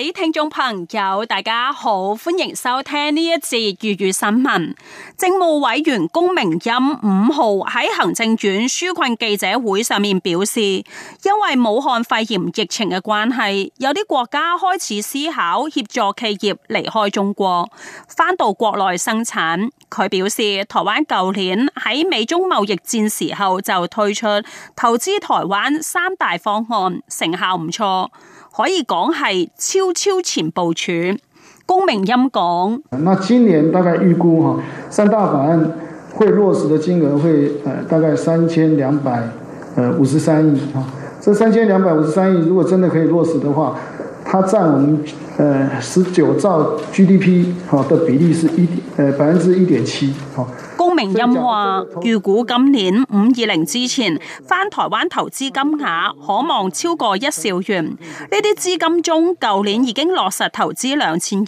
各位聽眾朋友，大家好，歡迎收聽呢一節粵語新聞。政務委員龔明鑫五號喺行政院紓困記者會上面表示，因為武漢肺炎疫情嘅關係，有啲國家開始思考協助企業離開中國，返到國內生產。佢表示，台灣舊年喺美中貿易戰時候就推出投資台灣三大方案，成效唔錯，可以講係超超前部署。公明音講，那今年大概預估三大法案會落實的金額會，大概三千兩百五十三億。這三千兩百五十三億如果真的可以落實的話。它占我們，誒十九兆 GDP，好的比例是一，誒百分之一點七，好。公明音話：，預估今年五二零之前返台灣投資金額，可望超過一兆元。呢啲資金中，舊年已經落實投資兩千億，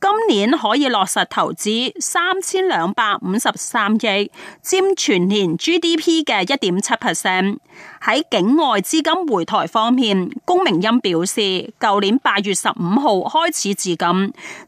今年可以落實投資三千兩百五十三億，占全年 GDP 嘅一點七 percent。喺境外資金回台方面，龔明鑫表示，舊年八月十五號開始至今，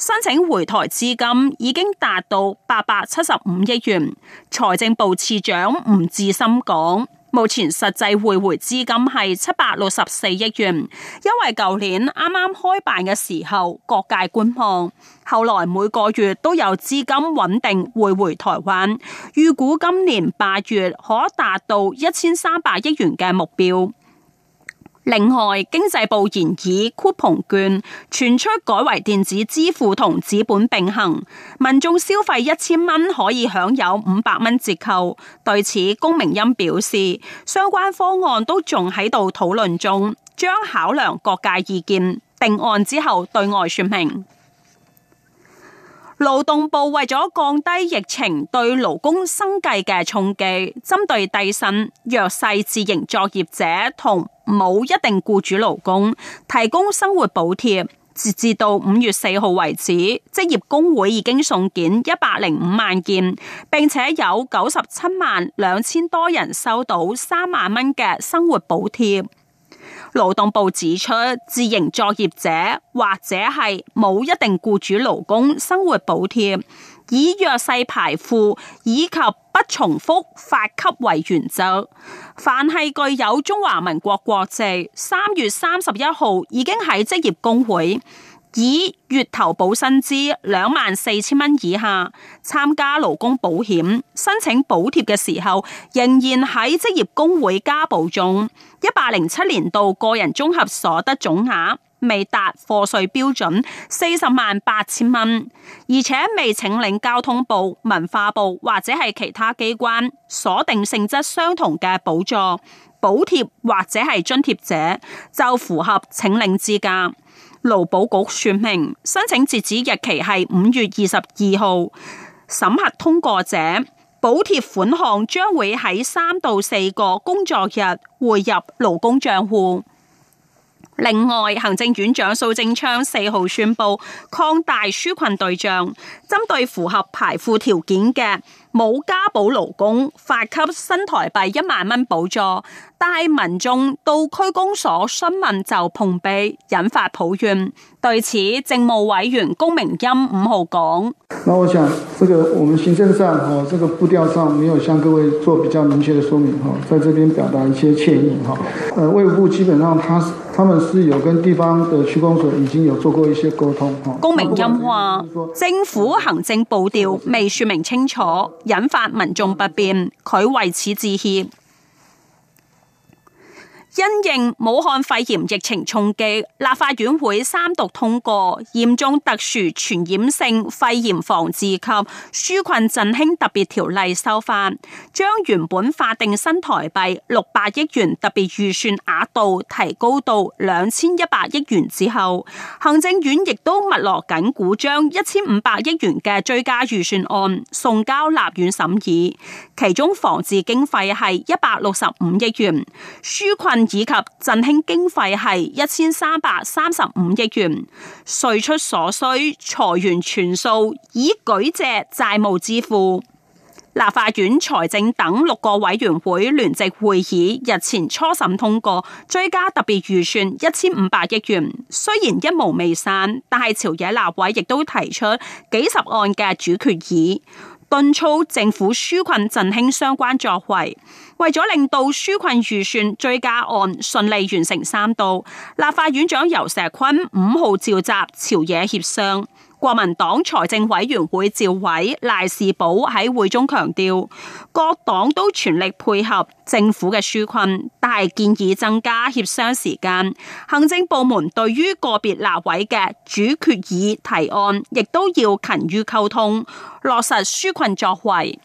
申請回台資金已經達到八百七十五億元。財政部次長吳志森講。目前實際匯回，回資金係七百六十四億元，因為舊年啱啱開辦嘅時候各界觀望，後來每個月都有資金穩定匯回，回台灣，預估今年八月可達到一千三百億元嘅目標。另外，經濟部研議酷碰券傳出改為電子支付同紙本並行，民眾消費一千蚊可以享有五百蚊折扣。對此，龔明鑫表示，相關方案都仲喺度討論中，將考量各界意見，定案之後對外說明。勞動部為咗降低疫情對勞工生計嘅衝擊，針對低薪、弱勢自營作業者同冇一定僱主勞工提供生活補貼，截至到五月四號為止。職業工會已經送件一百零五萬件，並且有九十七萬兩千多人收到三萬蚊嘅生活補貼。勞動部指出，自營作業者或者係冇一定雇主勞工生活補貼，以弱勢排富以及不重複發給為原則。凡係具有中華民國國籍，三月三十一號已經喺職業工會。以月投保薪資兩萬四千蚊以下參加勞工保險，申請補貼嘅時候，仍然喺職業工會加保中，一百零七年度個人綜合所得總額未達課稅標準四十萬八千蚊，而且未請領交通部、文化部或者係其他機關鎖定性質相同嘅補助、補貼或者係津貼者，就符合請領資格。勞保局說明，申請截止日期係五月二十二號，審核通過者，補貼款項將會喺三到四個工作日匯入勞工賬戶。另外，行政院長蘇貞昌四號宣布擴大紓困對象，針對符合排富條件嘅。冇加保勞工發給新台幣一萬蚊補助，但係民眾到區公所詢問就碰壁，引發抱怨。對此，政務委員龔明鑫五號講：，那我想，這個我們行政上哈，這個步調上沒有向各位做比較明確的說明哈，在這邊表達一些歉意哈。呃、啊，衛部基本上，他他們是有跟地方的區公所已經有做過一些溝通。龔明鑫話：，啊、政府行政步調未說明清楚。引發民眾不便，佢為此致歉。因應武漢肺炎疫情衝擊，立法院會三讀通過《嚴重特殊傳染性肺炎防治及紓困振興特別條例》修法，將原本法定新台幣六百億元特別預算額度提高到兩千一百億元之後，行政院亦都密鑼緊鼓，將一千五百億元嘅追加預算案送交立院審議，其中防治經費係一百六十五億元，紓困。以及振興經費係一千三百三十五億元，歲出所需，財源全數以舉借債務支付。立法院財政等六個委員會聯席會議日前初審通過追加特別預算一千五百億元，雖然一毛未散，但係朝野立委亦都提出幾十案嘅主決議。敦促政府紓困振興相關作為，為咗令到紓困預算追加案順利完成三讀，立法院長游錫堃五號召集朝野協商。國民黨財政委員會召委賴士葆喺會中強調，各黨都全力配合政府嘅紓困，但係建議增加協商時間。行政部門對於個別立委嘅主決議提案，亦都要勤於溝通，落實紓困作為。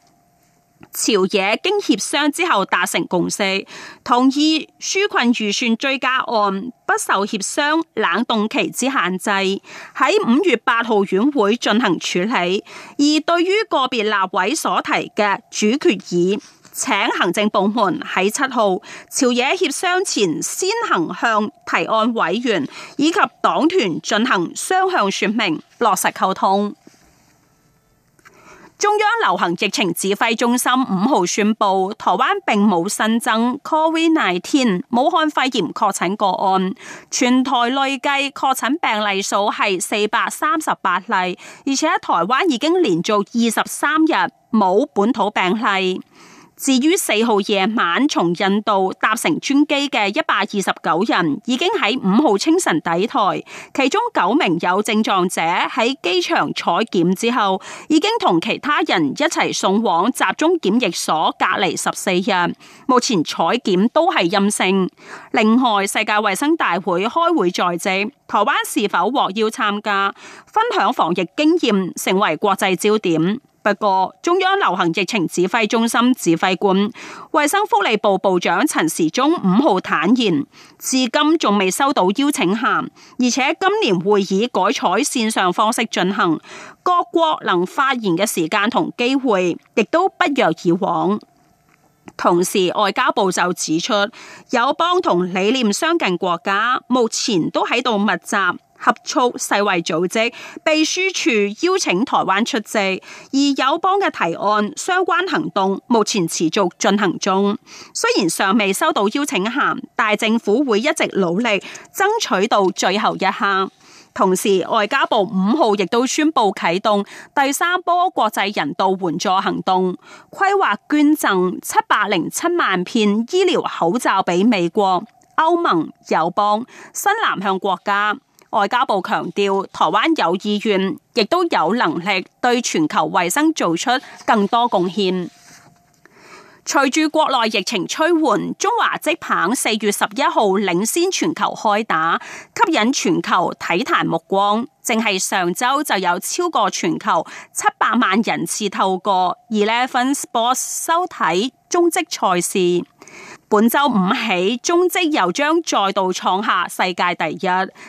朝野經協商之後達成共識，同意紓困預算追加案不受協商冷凍期之限制，喺五月八號院會進行處理。而對於個別立委所提嘅主決議，請行政部門喺七號朝野協商前先行向提案委員以及黨團進行雙向說明，落實溝通。中央流行疫情指揮中心五號宣布，台灣並冇新增 COVID-19 武漢肺炎確診個案，全台累計確診病例數係四百三十八例，而且台灣已經連續二十三日冇本土病例。至於四號夜晚從印度搭乘專機嘅一百二十九人，已經喺五號清晨抵台，其中九名有症狀者喺機場採檢之後，已經同其他人一齊送往集中檢疫所隔離十四日。目前採檢都係陰性。另外，世界衞生大會開會在即，台灣是否獲邀參加，分享防疫經驗，成為國際焦點。不過，中央流行疫情指揮中心指揮官、衛生福利部部長陳時中五號坦言，至今仲未收到邀請函，而且今年會議改採線上方式進行，各國能發言嘅時間同機會亦都不若以往。同時，外交部就指出，友邦同理念相近國家，目前都喺度密集。合促世衛組織秘書處邀請台灣出席，而友邦嘅提案相關行動目前持續進行中。雖然尚未收到邀請函，但政府會一直努力爭取到最後一刻。同時，外交部五號亦都宣布啟動第三波國際人道援助行動，規劃捐贈七百零七萬片醫療口罩俾美國、歐盟、友邦、新南向國家。外交部強調，台灣有意願，亦都有能力對全球衞生做出更多貢獻。隨住國內疫情趨緩，中華職棒四月十一號領先全球開打，吸引全球體壇目光。淨係上週就有超過全球七百萬人次透過二 Eleven Sports 收睇中職賽事。本週五起，中職又將再度創下世界第一，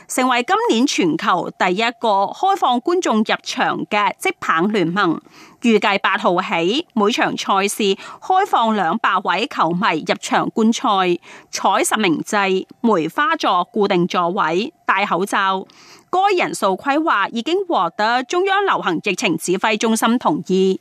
成為今年全球第一個開放觀眾入場嘅職棒聯盟。預計八號起，每場賽事開放兩百位球迷入場觀賽，採實名制，梅花座固定座位，戴口罩。該人數規劃已經獲得中央流行疫情指揮中心同意。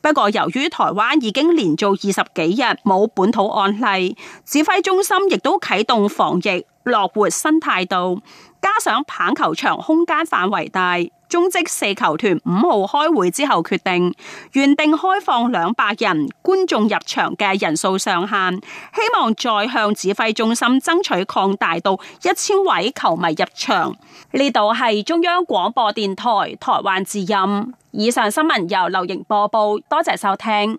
不過，由於台灣已經連續二十幾日冇本土案例，指揮中心亦都啟動防疫。樂活新態度，加上棒球場空間範圍大，中職四球團五號開會之後決定，原定開放兩百人觀眾入場嘅人數上限，希望再向指揮中心爭取擴大到一千位球迷入場。呢度係中央廣播電台台灣之音，以上新聞由劉瑩播報，多謝收聽。